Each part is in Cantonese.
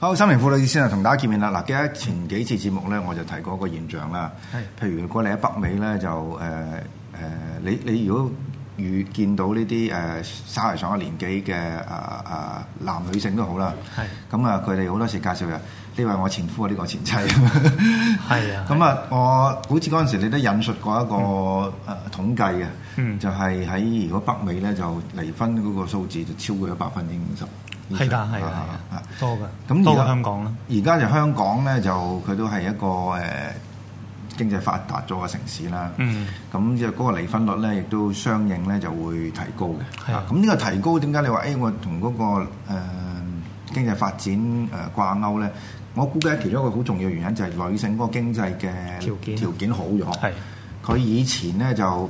好，心靈輔導熱線啊，同大家見面啦。嗱，記得前幾次節目咧，我就提過一個現象啦。係是，譬如如果你喺北美咧，就誒誒、呃呃，你你如果遇見到呢啲誒，稍微上咗年紀嘅誒誒，男女性都好啦。係是，咁啊，佢哋好多時介紹又，呢位我前夫啊，呢、呢個前妻 啊。 啊。咁啊、嗯，我好似嗰陣時，你都引述過一個誒統計嘅，嗯嗯、就係喺如果北美咧，就離婚嗰個數字就超過咗百分之五十。係㗎，係啊、 嗯，多㗎。咁而家香港咧，而家就香港咧，就佢都係一個誒經濟發達咗嘅城市啦。嗯，咁即係嗰個離婚率咧，亦都相應咧就會提高嘅。係的啊，咁、這、呢個提高點解？你話誒、哎，我同嗰、那個誒、呃、經濟發展誒、呃、掛鈎咧？我估計其中一個好重要原因就係女性嗰個經濟嘅條件條件好咗。係，佢、啊、以前咧就。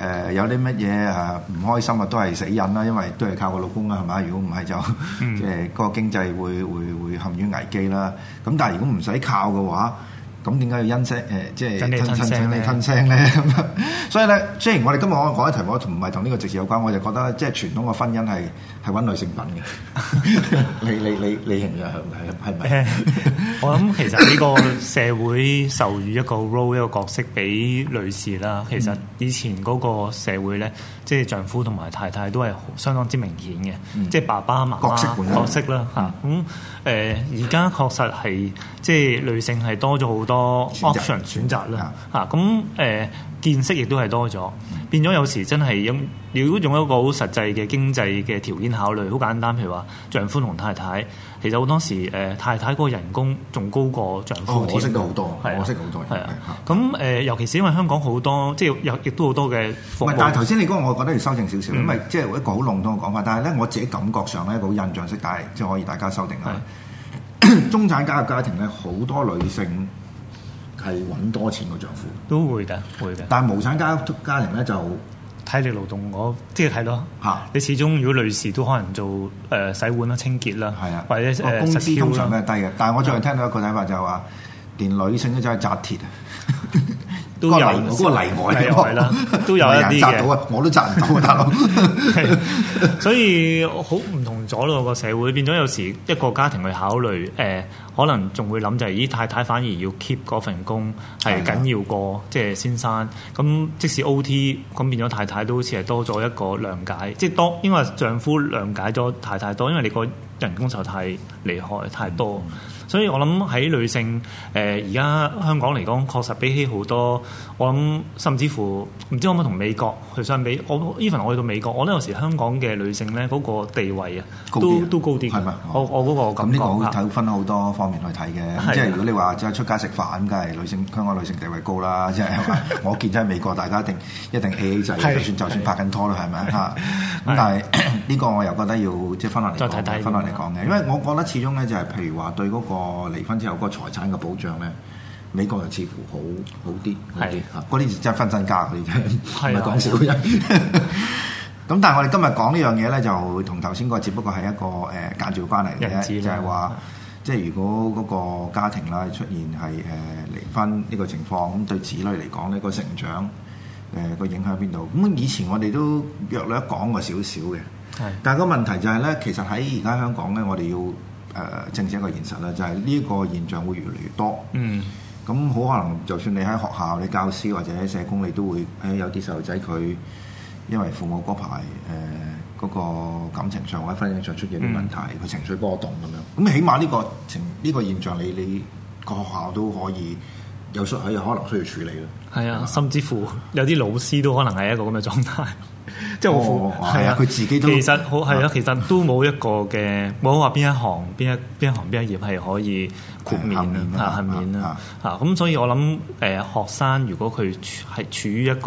誒、呃、有啲乜嘢啊唔開心啊都係死忍啦，因為都係靠個老公啊，係咪？如果唔係就、嗯、即係嗰、嗰個經濟會會會陷於危機啦。咁但係如果唔使靠嘅話，咁點解要吞聲？誒、呃，即係吞吞吞聲咧咁。呢聲呢 所以咧，雖然我哋今日我講一題，我同唔係同呢個直事有關，我就覺得即係傳統嘅婚姻係係揾女性品嘅。 你你你你認唔認係係係咪？我諗其實呢個社會授予一個 role 一個角色俾女士啦。其實以前嗰個社會咧，即係丈夫同埋太太都係相當之明顯嘅，嗯、即係爸爸媽媽角色角色啦嚇。咁誒而家確實係即係女性係多咗好多。多 o p 選擇啦嚇，咁誒見識亦都係多咗，變咗有時真係因如果用一個好實際嘅經濟嘅條件考慮，好簡單，譬如話丈夫同太太，其實好多時誒太太嗰人工仲高過丈夫，我識到好多，我識到好多，係咁誒，尤其是因為香港好多即係有亦都好多嘅，但係頭先你嗰個，我覺得要修正少少，因為即係一個好籠統嘅講法。但係咧，我自己感覺上咧，一個好印象式，但係即係可以大家修正下。中產階級家庭咧，好多女性。係揾多錢個丈夫都會㗎，會嘅。但係無產階級,家庭咧就體力勞動，我即係睇咯嚇。啊、你始終如果女士都可能做誒、呃、洗碗啦、清潔啦，係啊的，或者誒、呃、工資通常比較低嘅。的但係我最近聽到一個睇法就係、是、話，連女性都走去紮鐵啊！都有嗰個例外，例外啦， 都有一啲嘅，我都賺唔到啊 所以好唔同咗咯，這個社會變咗，有時一個家庭去考慮，誒、呃，可能仲會諗就係，咦，太太反而要 keep 嗰份工係緊要過，即係先生。咁的即使 OT，咁變咗太太都好似係多咗一個諒解， 即係多因為丈夫諒解咗太太多，因為你個人工受太厲害太多。嗯所以我諗喺女性誒而家香港嚟講，確實比起好多，我諗甚至乎唔知可唔可以同美國去相比。我 even 我去到美國，我覺得有時香港嘅女性咧嗰個地位啊，都都高啲。係嘛嗎？我我嗰個感覺啊，咁呢個要睇分好多方面去睇嘅。即係如果你話即係出街食飯，梗係女性香港女性地位高啦。即係 我見真係美國大家一定一定 a、就是、 是就算就算拍緊拖啦，係咪啊？係 是的。呢個我又覺得要即係分落嚟講，分落嚟講嘅，因為我覺得始終咧就係譬如話對嗰個離婚之後嗰個財產嘅保障咧，美國又似乎好好啲，係嗰啲真係分身家嘅，而家唔係講小人。咁的 但係我哋今日講呢樣嘢咧，就同頭先嗰個只不過係一個誒間接關係嘅子就係話的即係如果嗰個家庭啦出現係誒離婚呢個情況，咁對子女嚟講呢個成長誒個影響邊度？咁以前我哋都約略講過少少嘅。但係個問題就係咧，其實喺而家香港咧，我哋要誒、呃、正視一個現實啦，就係、是、呢個現象會越嚟越多。嗯，咁好可能，就算你喺學校、你教師或者社工，你都會誒、呃、有啲細路仔佢因為父母嗰排誒嗰個感情上或者婚姻上出現啲問題，佢、嗯、情緒波動咁樣。咁起碼呢、呢個情呢、呢個現象你，你你個學校都可以有需要，可能需要處理咯。係啊，吧甚至乎有啲老師都可能係一個咁嘅狀態。即係好苦係啊！佢自己都其實好係啊！其實都冇一個嘅，冇話邊一行、邊一、邊一行邊一業係可以豁免啊，豁免啊。嚇咁，所以我諗誒、呃、學生如果佢係處於一個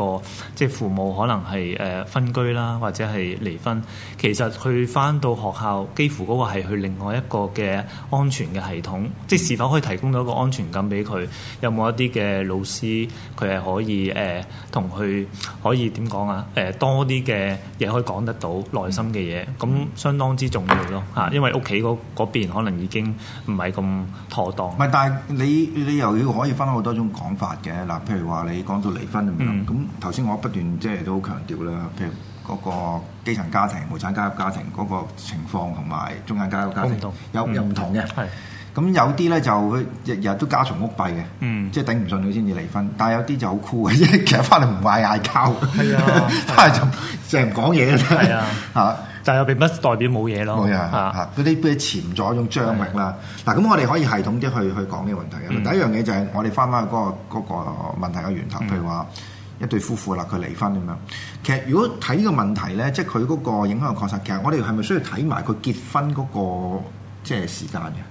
即係、就是、父母可能係誒分居啦，或者係離婚，其實佢翻到學校幾乎嗰個係係去另外一個嘅安全嘅系統，嗯、即係是否可以提供到一個安全感俾佢？有冇一啲嘅老師佢係可以誒同佢可以、呃可以，呃、可以點講啊？誒多啲。啲嘅嘢可以講得到，嗯、內心嘅嘢，咁相當之重要咯嚇，嗯、因為屋企嗰邊可能已經唔係咁妥當。唔係，但係你你又要可以分好多種講法嘅嗱，譬如話你講到離婚咁，頭先，嗯、我不斷即係都好強調啦，譬如嗰個基層家庭，無產階級家庭嗰個情況，同埋中產階級家庭，家庭有唔同嘅。嗯咁有啲咧就佢日日都家嘈屋閉嘅，嗯，即係頂唔順佢先至離婚。但係有啲就好酷嘅，即係其實翻嚟唔係嗌交，翻嚟就成唔講嘢嘅啫。係啊，嚇、啊！ 但係、啊啊、又並唔代表冇嘢咯。冇事啊，嚇、啊！嗰啲都係潛在一種張力啦。嗱、啊，咁、啊、我哋可以系統啲去去講呢、嗯、個問題嘅。第一樣嘢就係我哋翻翻去個嗰個問題嘅源頭，譬、嗯、如話一對夫婦啦，佢離婚咁樣。其實如果睇呢個問題咧，即係佢嗰個影響嘅擴散，其實我哋係咪需要睇埋佢結婚嗰個即係時間嘅？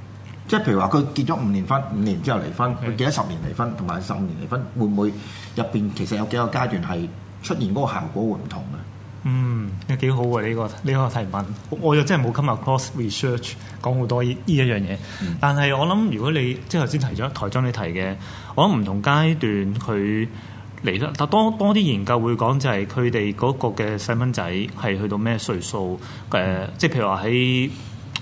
即係譬如話，佢結咗五年婚，五年之後離婚；佢是的 結咗十年離婚，同埋十五年離婚，會唔會入邊其實有幾個階段係出現嗰個效果會唔同啊？嗯，誒幾好喎呢、呢個呢、呢個呢個提問，我又真係冇 come across research 講好多呢一樣嘢。嗯、但係我諗，如果你即係頭先提咗台長你提嘅，我諗唔同階段佢嚟得，但多多啲研究會講就係佢哋嗰個嘅細蚊仔係去到咩歲數誒、嗯呃？即係譬如話喺。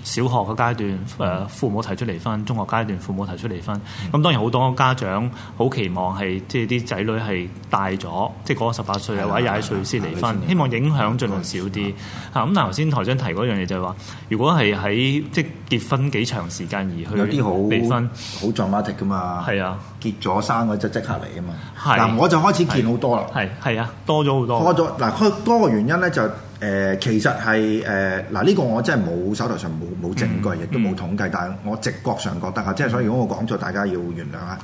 小學嘅階段，誒父母提出離婚；中學階段，父母提出離婚。咁當然好多家長好期望係，即係啲仔女係大咗，即係過十八歲或者廿一歲先離婚，希望影響盡量少啲。嚇咁，但係頭先台長提嗰樣嘢就係話，如果係喺即係結婚幾長時間而去有啲好離婚，好象馬蹄㗎嘛。係啊，結咗生嘅就即刻嚟啊嘛。係，嗱我就開始見好多啦。係係啊，多咗好多。多咗嗱，佢多個原因咧就～誒，其實係誒，嗱呢個我真係冇手頭上冇冇證據，亦都冇統計，但係我直覺上覺得嚇，即係所以如果我講咗大家要原諒下，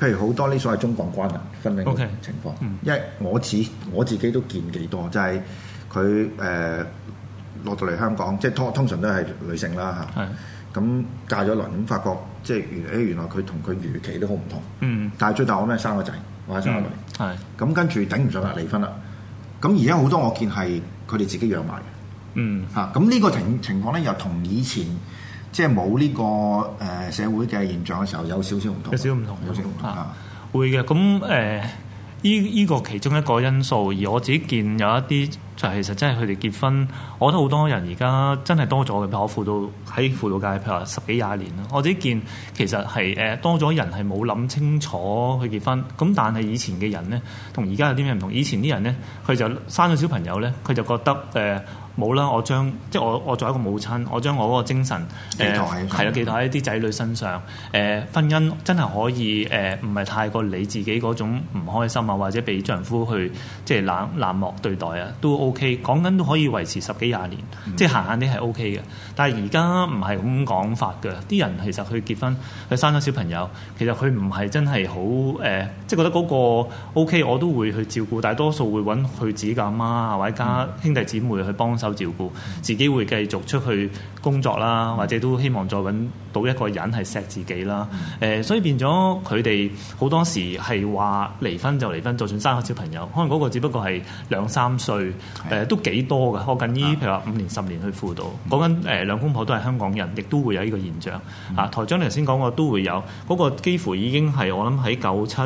譬如好多呢所謂中港關人分兩種情況，因為我自我自己都見幾多，就係佢誒落到嚟香港，即係通通常都係女性啦嚇。咁嫁咗嚟，咁發覺即係原誒原來佢同佢預期都好唔同。但係最大我咧生個仔，或者生個女。係。咁跟住頂唔順啦，離婚啦。咁而家好多我見係。佢哋自己養埋嘅，嗯吓，咁呢、啊、個情情況咧又同以前即係冇呢個誒、呃、社會嘅現象嘅時候有少少唔同，有少少唔同，有少少唔同吓，會嘅，咁誒。呃呢呢個其中一個因素，而我自己見有一啲就係、其實真係佢哋結婚，我覺得好多人而家真係多咗嘅，比我輔導喺輔導界譬如話十幾廿年啦，我自己見其實係誒、呃、多咗人係冇諗清楚去結婚，咁但係以前嘅人咧，同而家有啲咩唔同？以前啲人咧，佢就生咗小朋友咧，佢就覺得誒。呃冇啦，我將即係我我作為一個母親，我將我個精神寄託喺係啦，寄託喺啲仔女身上。誒、嗯呃、婚姻真係可以誒唔係太過你自己嗰種唔開心啊，或者被丈夫去即係冷冷漠對待啊，都 O K。講緊都可以維持十幾廿年，嗯、即係閒閒啲係 O K 嘅。但係而家唔係咁講法嘅，啲人其實佢結婚，佢生咗小朋友，其實佢唔係真係好誒即係覺得個 O、OK, K，我都會去照顧，大多數會揾佢自己嘅阿媽啊或者家兄弟姊妹去幫。受照顧，自己會繼續出去工作啦，或者都希望再揾到一個人係錫自己啦。誒、嗯呃，所以變咗佢哋好多時係話離婚就離婚，就算生咗小朋友，可能嗰個只不過係兩三歲，誒、呃、都幾多㗎。我近依、啊、譬如話五年十年去輔導，講緊誒兩公婆都係香港人，亦都會有呢個現象。啊，台長你頭先講過都會有，嗰、那個幾乎已經係我諗喺九七。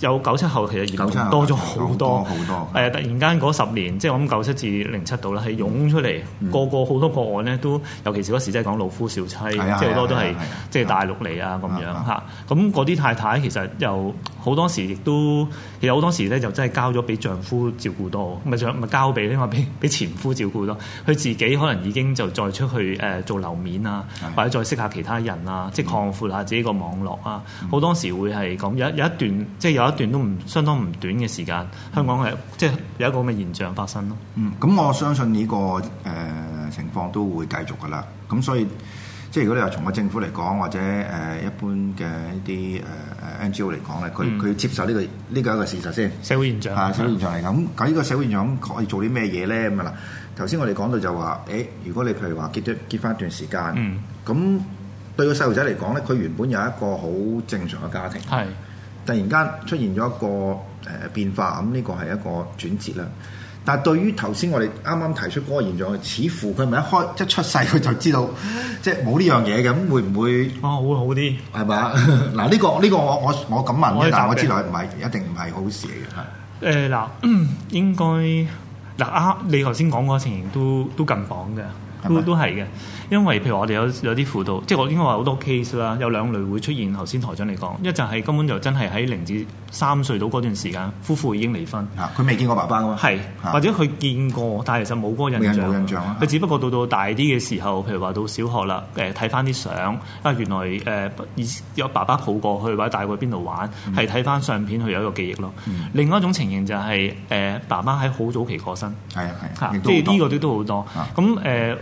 有九七後其實熱門多咗好多，好多，誒突然間嗰十年，即係我諗九七至零七度啦，係湧出嚟，個個好多個案咧都，尤其是嗰時即係講老夫少妻，即係好多都係即係大陸嚟啊，咁樣嚇。咁嗰啲太太其實又好多時亦都，有好多時咧就真係交咗俾丈夫照顧多，咪咪交俾因為俾前夫照顧多。佢自己可能已經就再出去誒做樓面啊，或者再識下其他人啊，即係擴闊下自己個網絡啊。好多時會係咁有有一段即係有。一段都唔相當唔短嘅時間，香港係即係有一個咁嘅現象發生咯。嗯，咁我相信呢、這個誒、呃、情況都會繼續噶啦。咁所以即係如果你話從個政府嚟講，或者誒、呃、一般嘅一啲誒誒 NGO 嚟講咧，佢佢、嗯、要接受呢、這個呢個一個事實先。社會現象係、啊、社會現象係咁。講呢、嗯啊這個社會現象，咁可以做啲咩嘢咧？咁啊嗱，頭先我哋講到就話、是，誒，如果你譬如話結咗結翻一段時間，嗯，咁對個細路仔嚟講咧，佢原本有一個好正常嘅家庭，係。突然間出現咗一個誒變化，咁呢個係一個轉折啦。但係對於頭先我哋啱啱提出嗰個現象，似乎佢唔係一開一出世佢就知道，即係冇呢樣嘢嘅，咁會唔會？哦、啊，會好啲，係咪？嗱是吧，呢、 呢個呢、呢個我我我咁問我，但係我知道唔係一定唔係好事嚟嘅。誒嗱、呃，應該嗱啱你頭先講嗰個情形都都近磅嘅。是是都都係嘅，因為譬如我哋有有啲輔導，即係我應該話好多 case 啦。有兩類會出現頭先台長你講，一就係根本就真係喺零至三歲到嗰段時間，夫婦已經離婚嚇，佢未、啊、見過爸爸㗎嘛。係對，啊、或者佢見過，但係其實冇嗰印象，冇印象佢只不過到到大啲嘅時候，譬、啊、如話到小學啦，誒睇翻啲相啊，原來誒有爸爸抱過去或者帶過去邊度玩，係睇翻相片佢有一個記憶咯。嗯嗯、另外一種情形就係、是、誒、呃、爸爸喺好早期過身，係啊係即係呢個都好多。咁誒、啊。啊這個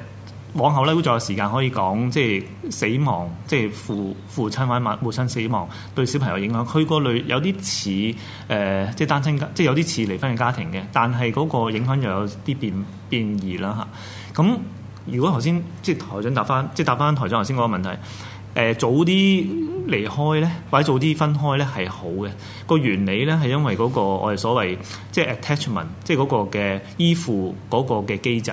往後咧會再有時間可以講，即係死亡，即係父父親或者母母親死亡對小朋友影響，佢個類有啲似誒、呃，即係單親，即係有啲似離婚嘅家庭嘅，但係嗰個影響又有啲變變異啦嚇。咁、啊、如果頭先即係台長答翻，即係答翻台長頭先嗰個問題，呃、早啲。離開咧，或者早啲分開咧係好嘅。個原理咧係因為嗰個我哋所謂即係 attachment，即係嗰個嘅依附嗰個嘅機制。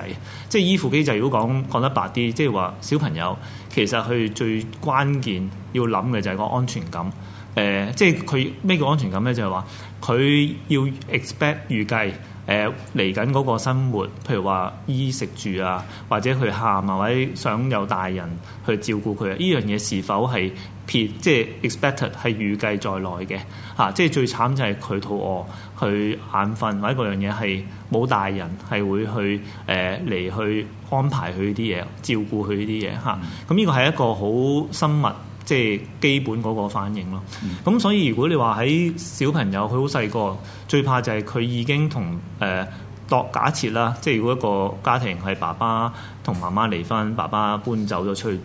即係依附機制，如果講講得白啲，即係話小朋友其實佢最關鍵要諗嘅就係個安全感。誒，即係佢咩叫安全感咧？就係話佢要 expect 預計。誒，嚟緊嗰個生活，譬如話衣食住啊，或者佢喊，啊，或者想有大人去照顧佢，呢樣嘢是否係撇，即係 expected 係預計在內嘅？嚇、啊，即係最慘就係佢肚餓，佢眼瞓，或者嗰樣嘢係冇大人係會去誒嚟、呃、去安排佢啲嘢，照顧佢啲嘢嚇。咁、啊、呢個係一個好生物。即係基本嗰個反應咯，咁、嗯、所以如果你話喺小朋友佢好細個，最怕就係佢已經同誒、呃、度假設啦，即係如果一個家庭係爸爸，同媽媽離婚，爸爸搬走咗出去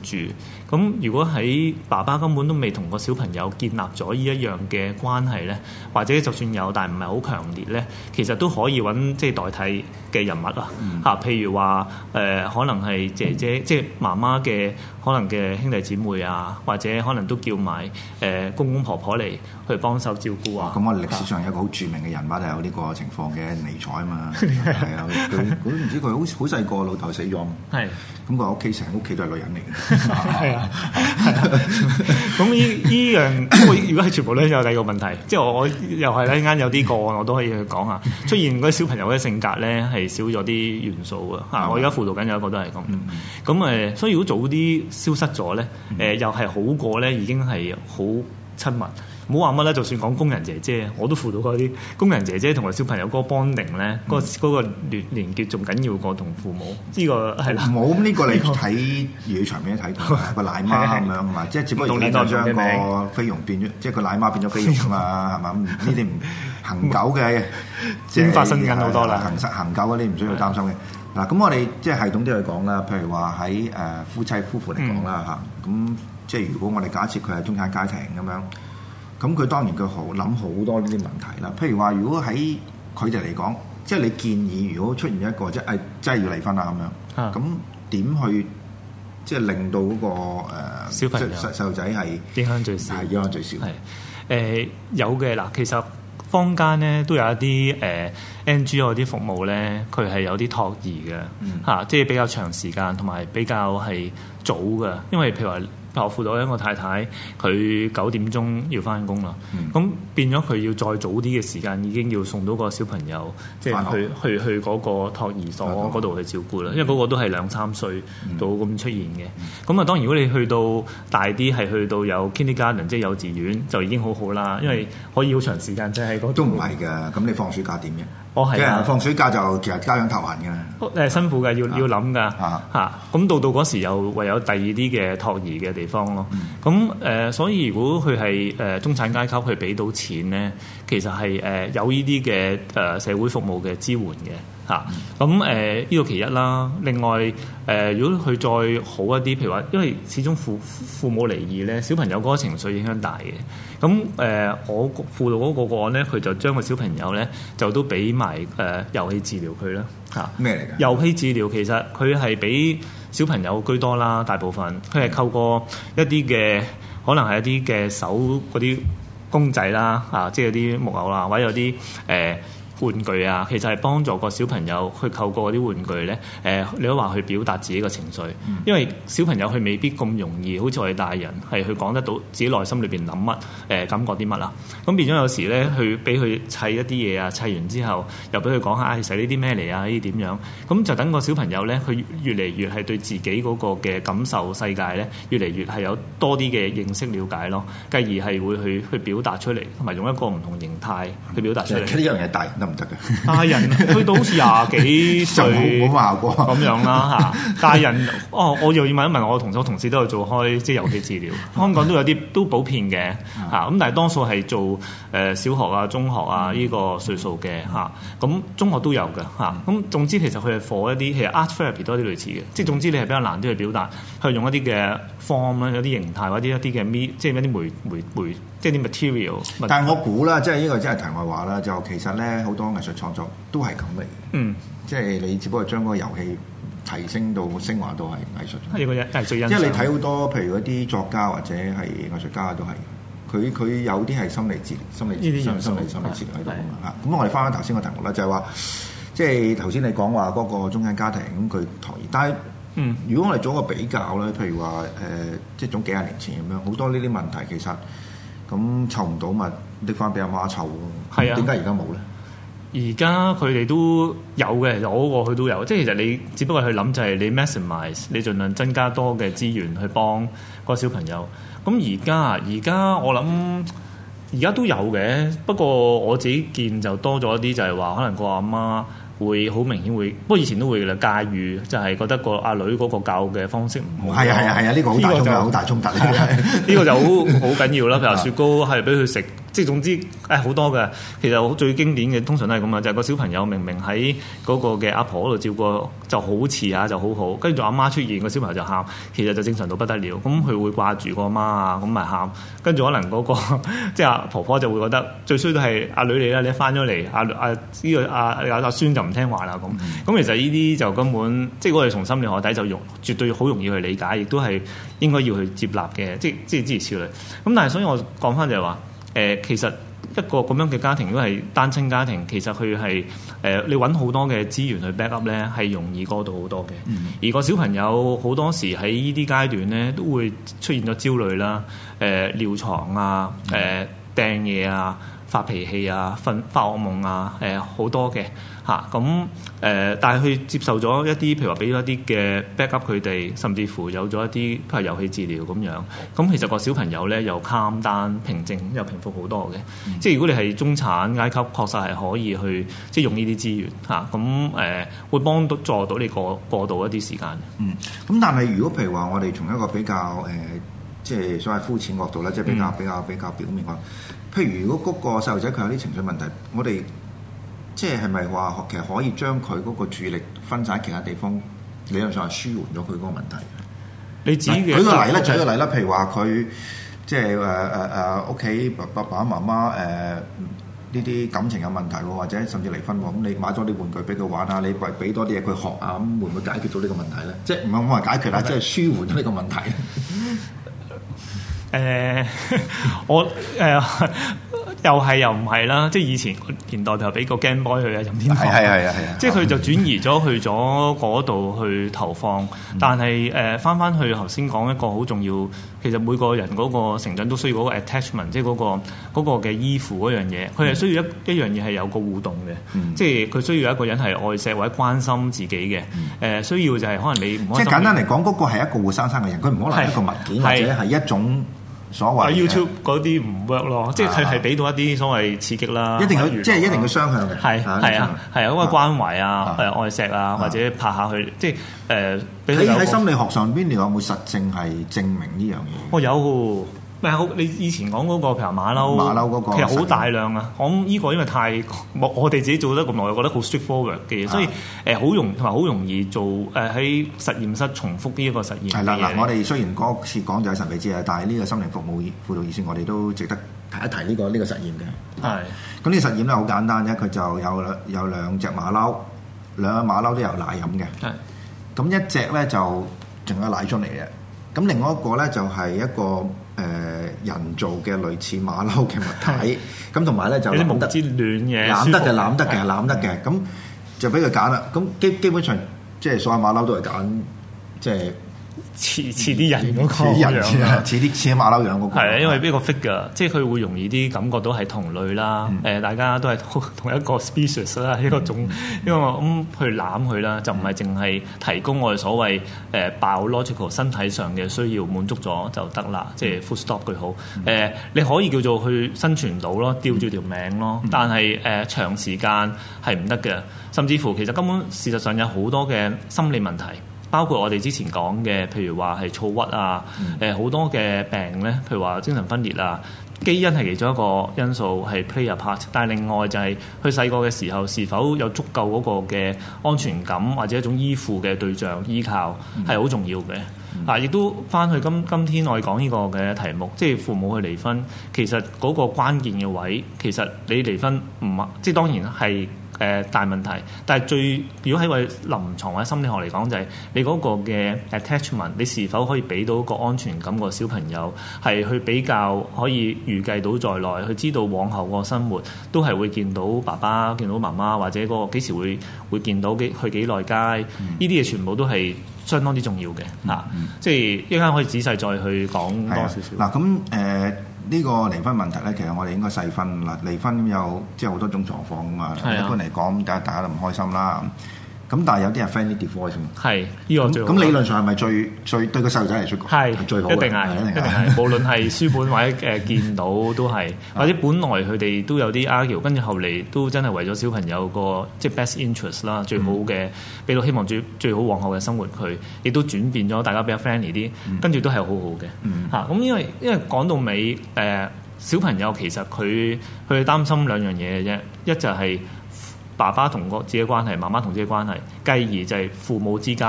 住。咁如果喺爸爸根本都未同個小朋友建立咗呢一樣嘅關係咧，或者就算有，但唔係好強烈咧，其實都可以揾即係代替嘅人物、嗯、啊。嚇，譬如話誒、呃，可能係姐姐，即係媽媽嘅可能嘅兄弟姊妹啊，或者可能都叫埋誒、呃、公公婆婆嚟去幫手照顧啊。咁、嗯、我歷史上有一個好著名嘅人物就的有呢個情況嘅尼采啊嘛，係啊， 佢佢唔知佢好好細個老豆死咗。係，咁佢屋企成屋企都係女人嚟嘅，係 啊，係啊。咁呢呢樣，如果係全部女就有第二個問題， 即係我又係咧啱有啲個案，我都可以去講下。出現嗰啲小朋友嘅性格咧，係少咗啲元素 啊。我而家輔導緊有一個都係咁，咁誒， 所以如果早啲消失咗咧，誒、 呃、又係好過咧，已經係好親密。唔好話乜啦，就算講工人姐姐，我都輔到嗰啲工人姐姐同埋小朋友嗰幫齡咧，嗰嗰個聯連結仲緊要過同父母呢個係。冇呢個嚟睇娛樂場面都睇到個奶媽咁樣，嘛，即係只不過而家將個菲傭變咗，即係個奶媽變咗菲傭啊嘛，係嘛？呢啲唔恆久嘅，即係發生緊好多啦。恆恆久嗰啲唔需要擔心嘅。嗱，咁我哋即係系統都有講啦，譬如話喺誒夫妻夫婦嚟講啦嚇，咁即係如果我哋假設佢係中產家庭咁樣。咁佢當然佢好諗好多呢啲問題啦。譬如話，如果喺佢哋嚟講，即係你建議，如果出現一個即係真係要離婚啦咁、啊、樣，咁點去即係令到嗰、嗰個、呃、小朋友細路仔係影響最少，係影響最少。係誒、呃、有嘅嗱，其實坊間咧都有一啲誒 NG 嗰啲服務咧，佢係有啲託兒嘅嚇，即係比較長時間同埋比較係早嘅，因為譬如話。我輔導一個太太，佢九點鐘要翻工啦，咁、嗯、變咗佢要再早啲嘅時間已經要送到個小朋友，即係學去去去嗰個托兒所嗰度去照顧啦。嗯、因為嗰個都係兩三歲、嗯、到咁出現嘅。咁啊、嗯，當然如果你去到大啲，係去到有 kindergarten 即係幼稚園，嗯、就已經好好啦，因為可以好長時間就係嗰度都唔係㗎。咁你放暑假點嘅？我係、哦、啊！放暑假就其實家長頭痕嘅，誒、哦呃、辛苦嘅，要要諗噶嚇。咁、啊啊、到到嗰時又唯有第二啲嘅托兒嘅地方咯。咁誒、嗯呃，所以如果佢係誒中產階級，佢俾到錢咧，其實係誒、呃、有呢啲嘅誒社會服務嘅支援嘅。嚇，咁誒呢個其一啦。另外誒、呃，如果佢再好一啲，譬如話，因為始終父父母離異咧，小朋友嗰個情緒影響大嘅。咁誒、呃，我輔導嗰個案咧，佢就將個小朋友咧，就都俾埋誒遊戲治療佢啦。嚇咩嚟㗎？遊戲治療其實佢係俾小朋友居多啦，大部分佢係透過一啲嘅，可能係一啲嘅手嗰啲公仔啦，嚇、啊，即係啲木偶啦、啊，或者有啲誒。呃玩具啊，其實係幫助個小朋友去透過啲玩具咧。誒、呃，你都話去表達自己嘅情緒，因為小朋友佢未必咁容易，好似我哋大人係去講得到自己內心裏邊諗乜，誒、呃、感覺啲乜啦。咁變咗有時咧，去俾佢砌一啲嘢啊，砌完之後又俾佢講下，唉，使呢啲咩嚟啊？呢啲點樣？咁就等個小朋友咧，佢越嚟越係對自己嗰個嘅感受世界咧，越嚟越係有多啲嘅認識了解咯。繼而係會去去表達出嚟，同埋用一個唔同形態去表達出嚟。呢樣嘢大。唔得嘅，但 人去到好似廿幾歲咁樣啦嚇，但係 人哦，我又要問一問我同事，我同事都有做開即係、就是、遊戲治療，香港都有啲都普遍嘅嚇，咁但係多數係做誒小學啊、中學啊呢、這個歲數嘅嚇，咁中學都有嘅嚇，咁總之其實佢係火一啲，其實 art therapy 都係啲類似嘅，即係總之你係比較難啲去表達，去用一啲嘅 form 咧，有啲形態或者一啲嘅 mi，即係一啲媒媒媒。啲 material，但係我估啦，即係呢個真係題外話啦。就其實咧，好多藝術創作都係咁嚟，嗯，即係你只不過將嗰個遊戲提升到升華到係藝術，呢個係因，因為你睇好多譬如嗰啲作家或者係藝術家都係佢佢有啲係心理治療、心理、心理、心理、心理治療喺度。咁我哋翻返頭先個題目啦，就係話即係頭先你講話嗰個中間家庭咁佢唐，但係如果我哋做一個比較咧，譬如話誒、呃呃，即係總幾廿年前咁樣，好多呢啲問題其實。咁湊唔到咪拎翻俾阿媽湊咯。係啊，點解而家冇咧？而家佢哋都有嘅，我過去都有。即係其實你只不過去諗就係你 maximize 你盡量增加多嘅資源去幫個小朋友。咁而家啊，而家我諗，而家都有嘅。不過我自己見就多咗一啲，就係話可能個阿媽。會好明顯會，不過以前都會啦，介意就係覺得個阿女嗰個教嘅方式唔好。係啊係啊係啊，呢個好大衝啊，好、啊呢個、大衝突呢個就，就好好緊要啦。譬如話雪糕係畀佢食。即係總之誒，好、哎、多嘅其實最經典嘅，通常都係咁啊，就係、個小朋友明明喺嗰個嘅阿婆度照顧就好似啊就好好，跟住阿媽出現、個小朋友就喊，其實就正常到不得了。咁佢會掛住個阿媽啊，咁咪喊，跟住可能嗰、嗰個即係阿婆婆就會覺得最衰都係阿女你啦，你翻咗嚟阿阿呢個阿阿阿孫就唔聽話啦。咁咁其實呢啲就根本即係我哋從心理學底就容絕對好容易去理解，亦都係應該要去接納嘅，即係即係諸如此類。咁但係所以我講翻就係話。誒、呃、其實一個咁樣嘅家庭，如果係單親家庭，其實佢係誒你揾好多嘅資源去 back up 咧，係容易過到好多嘅。嗯嗯。而個小朋友好多時喺呢啲階段咧，都會出現咗焦慮啦，誒、呃、尿床啊，誒掟嘢啊。發脾氣啊、瞓、發惡夢啊、誒、呃、好多嘅嚇咁誒，但係佢接受咗一啲，譬如話俾一啲嘅 back up 佢哋，甚至乎有咗一啲譬如遊戲治療咁樣。咁、啊、其實個小朋友咧又 calm down，平靜又平復好多嘅。即係如果你係中產階、嗯、級，確實係可以去即係用呢啲資源嚇咁誒，會幫到助到你過過渡一啲時間。嗯。咁但係如果譬如話，我哋從一個比較誒，即、呃、係所謂膚淺角度咧，即係比較、嗯、比較比較表面嘅。譬如如果嗰個細路仔佢有啲情緒問題，我哋即係係咪話其實可以將佢嗰個注意力分散喺其他地方，理論上係舒緩咗佢嗰個問題？你自己舉個例啦，舉個例啦，譬如話佢即係誒誒誒屋企爸爸媽媽誒呢啲感情有問題喎，或者甚至離婚喎，咁你買咗啲玩具俾佢玩啊，你喂俾多啲嘢佢學啊，咁會唔會解決到呢個問題咧？即係唔係咁話解決啊？即係舒緩咗呢個問題。 誒， 我誒、呃，又係又唔係啦，即係以前個年代就俾個 Game Boy 去啊，任天堂係係啊係啊，是是是是是即係佢就轉移咗去咗嗰度去投放，嗯、但係誒，翻、呃、翻去頭先講一個好重要，其實每個人嗰個成長都需要嗰個 attachment，即係嗰、嗰個、嗰個嘅依附嗰樣嘢，佢係需要一、嗯、一,一樣嘢係有個互動嘅，嗯、即係佢需要一個人係愛錫或者關心自己嘅，誒、嗯呃，需要就係可能你即係簡單嚟講，嗰、嗰個係一個活生生嘅人，佢唔可能係一個，一個物件或者係一種。所謂啊 YouTube 嗰啲唔 work 咯，即係佢係俾到一啲所謂刺激啦。一定有，即係一定嘅雙向嘅。係，係啊係啊，咁個關懷啊，誒，愛錫啊，或者拍下去，即係誒。喺喺心理學上邊，你有冇實證係證明呢樣嘢？我有。好，你以前講嗰、那個譬如馬騮，個實其實好大量啊。講呢驗個因為太我哋自己做得咁耐，我覺得好 straightforward 嘅嘢，是的 所以誒好、呃、容同埋好容易做誒喺、呃、實驗室重複呢一個實驗。係啦嗱，我哋雖然嗰次講就係神秘之嘅，但係呢個心靈服務輔導意思，我哋都值得提一提呢、這個呢、這個實驗嘅。係，咁呢個實驗咧，好簡單啫。佢就有有兩隻馬騮，兩隻馬騮都有奶飲嘅。咁是的 的一隻咧就仲有奶樽嚟嘅，咁另外一個咧就係一個。誒、呃、人造嘅類似馬騮嘅物體，咁同埋咧就冇得之暖嘅，攬得嘅攬得嘅攬得嘅，咁就俾佢揀啦。咁基、嗯、基本上即係、就是、所有馬騮都係揀即係。就是似似啲人嗰似啲似啲馬騮樣啊，因為呢個 figure 即係佢會容易啲感覺到係同類啦。誒、嗯呃，大家都係同一個 species 啦，一個種。嗯、因為我咁、嗯、去攬佢啦，嗯、就唔係淨係提供我哋所謂、呃、biological 身體上嘅需要滿足咗就得啦。嗯、即係 full stop 佢好。誒、嗯呃，你可以叫做去生存到咯，吊住條命咯。嗯、但係誒、呃、長時間係唔得嘅，甚至乎其實根本事實上有好多嘅心理問題。包括我哋之前講嘅，譬如話係躁鬱啊，誒好、嗯、多嘅病咧，譬如話精神分裂啊，基因係其中一個因素係 play a part，但係另外就係佢細個嘅時候是否有足夠嗰個嘅安全感或者一種依附嘅對象依靠係好重要嘅。嗯。嗱，亦都翻去今今天我哋講呢個嘅題目，即、就、係、是、父母去離婚，其實嗰個關鍵嘅位，其實你離婚唔即係當然係誒、呃、大問題，但係最如果喺個臨床或者心理學嚟講、就是，就係你嗰個嘅 attachment，你是否可以俾到個安全感個小朋友，係去比較可以預計到在內，佢知道往後個生活都係會見到爸爸、見到媽媽，或者、嗰個幾時會會見到幾去幾耐街，呢啲嘢全部都係，相當之重要嘅，嗱、嗯，即係一陣間可以仔細再去講多少少。嗱，咁誒呢個離婚問題咧，其實我哋應該細分啦。離婚有即係好多種狀況噶嘛，的一般嚟講，咁，大家大家都唔開心啦。咁但係有啲人 friendly divorce 嘛？係呢個最咁理論上係咪最最對個細路仔嚟講係最好嘅？一定係，一定係。無論係書本或者誒見到都係，或者本來佢哋都有啲 argue，跟住後嚟都真係為咗小朋友個即係 best interest 啦，最好嘅俾到希望最最好往後嘅生活佢，亦都轉變咗，大家比較 friendly 啲，跟住都係好好嘅。嚇，咁因為因為講到尾誒，小朋友其實佢佢擔心兩樣嘢嘅啫，一就係。爸爸同個自己關係，媽媽同自己關係，繼而就係父母之間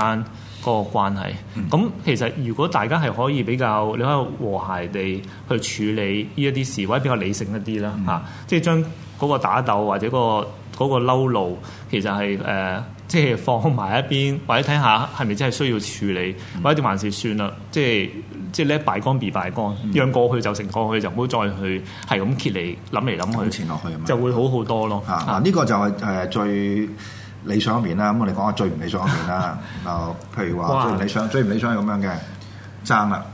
嗰個關係。咁、嗯、其實如果大家係可以比較，你可以和諧地去處理呢一啲事，或者比較理性一啲啦嚇。即係、嗯啊即係、將嗰個打鬥或者、嗰個嗰、嗰個嬲怒，其實係誒，即、呃、係、即係、放埋一邊，或者睇下係咪真係需要處理，嗯、或者還是算啦，即、就、係、是。即係咧，敗光必敗光，嗯、讓過去就成過去，就唔好再去係咁揭嚟諗嚟諗去 前落去啊嘛，就會好好多咯。嗱、啊、呢、啊、個就係、是、誒、呃、最理想一面啦。咁我哋講下最唔理想一面啦。嗱哈哈，譬如話最唔理想、嘩最唔理想係咁樣嘅爭啦、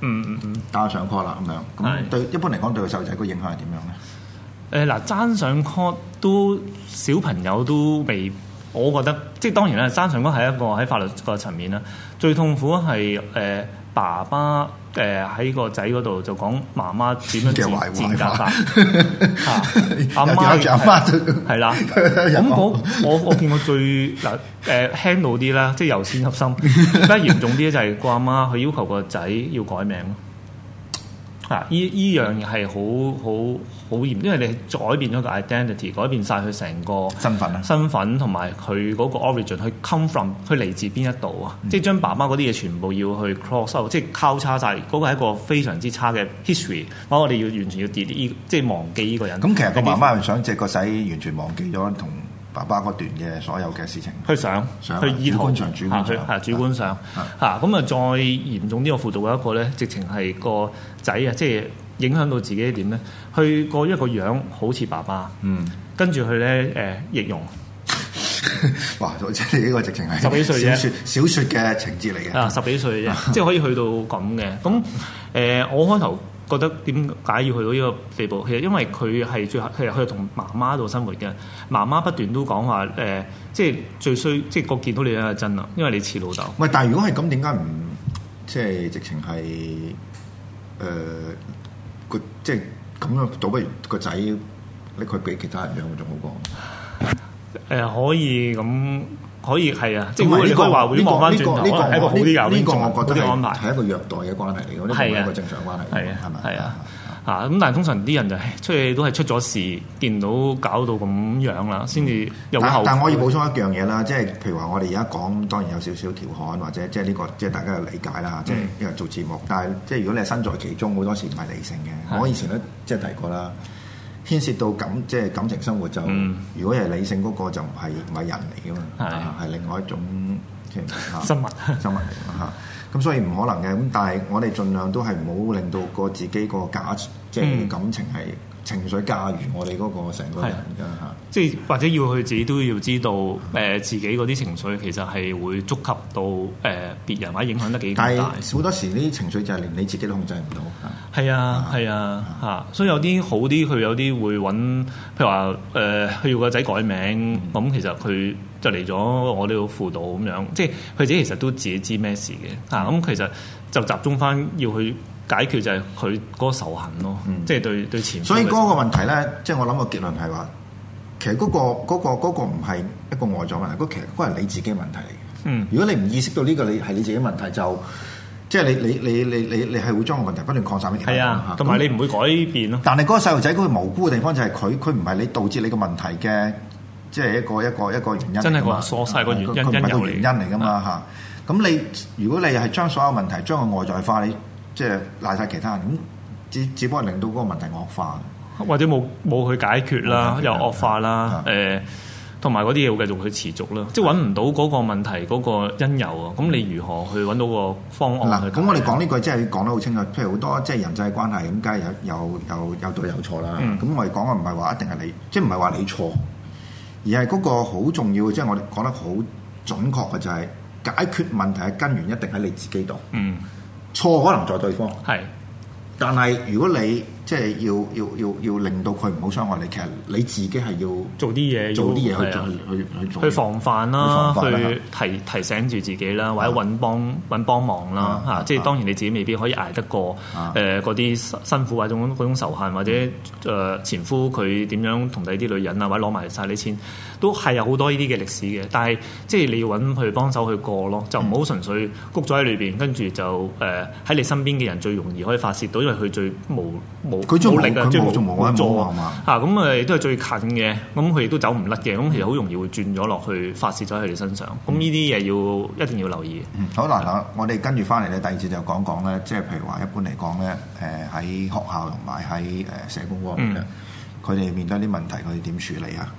嗯。嗯嗯嗯，打上 court 啦咁樣。咁對是一般嚟講，對個細路仔個影響係點樣咧？誒嗱、呃、爭、呃、上 court 都小朋友都未，我覺得即係當然啦，爭上 court 係一個喺法律個層面啦。最痛苦係誒。嗯嗯嗯嗯嗯爸爸誒喺個仔嗰度就講媽媽點樣賤賤格法，阿、 啊、 媽係啦。咁、 嗯、我我我見過最嗱誒、嗯嗯、輕度啲啦，即係由淺入深，而家嚴重啲就係個阿媽佢要求個仔要改名。啊 啊！依依樣嘢係好好好嚴，因為你改變咗個 identity，改變晒佢成個身份啊，身份同埋佢嗰個 origin，佢 come from，佢嚟自邊一度啊！即係將爸爸嗰啲嘢全部要去 cross 即係交叉晒。嗰個係一個非常之差嘅 history。我哋要完全要 delete，即係忘記呢個人。咁其實媽媽係想借個仔完全忘記咗同爸爸嗰段嘅所有嘅事情，去想想去以官場主觀，嚇主觀上嚇咁啊！再嚴重啲，我輔導嘅一個咧，直情係個仔啊，即係影響到自己點咧？去個一個樣好似爸爸，嗯，跟住去，咧誒，易容。哇！即係呢個直情係小説小説嘅情節嚟嘅。啊，十幾歲啫，即係可以去到咁嘅。咁誒，我開頭。覺得點解要去到呢個地步？其實因為佢係最後，其實佢係同媽媽度生活嘅。媽媽不斷都講話誒，即、呃、係、就是、最衰，即係我見到你係真啦，因為你似老豆。唔但係如果係咁，點解唔即係直情係誒個？即係咁啊，就是、樣倒不如個仔搦佢俾其他人養，仲好過。誒、呃，可以咁。嗯。可以係啊，即係我哋可以話會望翻轉頭。呢個呢個呢個呢個呢個，我覺得係係一個虐待嘅關係嚟嘅，呢個唔係一個正常關係，係咪？係啊，嚇咁！但係通常啲人就係出去都係出咗事，見到搞到咁樣啦，先至有後果。但係我可以補充一樣嘢啦，即係譬如話我哋而家講，當然有少少調侃或者即係呢個，即係大家嘅理解啦，即係因為做節目。但係即係如果你身在其中，好多時唔係理性嘅。我以前都即係提過啦。牽涉到感，即係感情生活就，嗯、如果係理性嗰個就唔係唔係人嚟噶嘛，係的另外一種 生物， 生物嚟㗎，咁所以唔可能嘅，咁但係我哋盡量都係唔好令到個自己個假，嗯、即係感情係。情緒駕馭我哋嗰個成個人噶嚇，即係或者要去自己都要知道，誒、嗯呃、自己嗰啲情緒其實係會觸及到誒、呃、別人或者影響得幾大。好多時呢啲情緒就係連你自己都控制唔到。係啊，係啊，嚇、啊啊！所以有啲好啲，佢有啲會揾，譬如話誒，佢、呃、要個仔改名，咁其實佢就嚟咗我哋呢度輔導咁樣，即係佢自己其實都自己知咩事嘅。嚇！咁其實就集中返要去。解決就係佢嗰個仇恨咯，嗯、即係對對前。所以嗰個問題咧，即係我諗個結論係話，其實嗰個嗰個嗰唔係一個外在問題，嗰其實嗰係你自己問題嚟嘅。嗯，如果你唔意識到呢個，你係你自己問題，就即、是、係、那個那個那個、你、嗯、你你、就是、你你你係會將個問題不斷擴散畀其他人。係啊，同埋說你唔會改變咯。那但係嗰個細路仔嗰個無辜嘅地方就係佢佢唔係你導致你個問題嘅，即、就、係、是、一個一個一個,一個原因。真係話疏失個原因，佢唔係個原因嚟㗎嘛嚇。咁你如果你係將所有問題將個外在化，你即係賴晒其他人，咁只只不過係令到嗰個問題惡化，或者冇冇去解決啦，又惡化啦，誒的，同埋嗰啲嘢會繼續去持續啦，的即係揾唔到嗰個問題嗰、嗰個因由啊，咁你如何去揾到個方案？嗱，咁我哋講呢句，即係講得好清楚，譬如好多即係人際關係咁，梗係有有有有對有錯啦。咁、嗯、我哋講嘅唔係話一定係你，即係唔係話你錯，而係嗰個好重要，即係、就係、我哋講得好準確嘅，就係解決問題嘅根源一定喺你自己度。嗯。錯可能在對方，係但係如果你。即係要要要要令到佢唔好傷害你，其實你自己係要做啲嘢，做啲嘢去去去，去，去，去防範啦，去，範啦，去提提醒住自己啦，或者揾幫揾幫忙啦嚇。即係當然你自己未必可以捱得過誒嗰啲辛苦或者種種仇恨，或者誒、呃、前夫佢點樣同第啲女人啊，或者攞埋晒啲錢，都係有好多呢啲嘅歷史嘅。但係即係你要揾佢幫手去過咯，就唔好純粹谷咗喺裏邊，跟住就誒喺你身邊嘅人最容易可以發泄到，因為佢最冇。冇佢冇力啊，即係冇做無助啊嘛嚇，咁誒都係最近嘅，咁佢亦都走唔甩嘅，咁、嗯、其實好容易會轉咗落去發泄咗喺佢哋身上，咁呢啲嘢要一定要留意，嗯嗯。好啦，我我哋跟住翻嚟咧，第二節就講講咧，即係譬如話一般嚟講咧，誒、呃、喺學校同埋喺誒社工方面咧，佢哋、嗯、面對啲問題，佢哋點處理啊？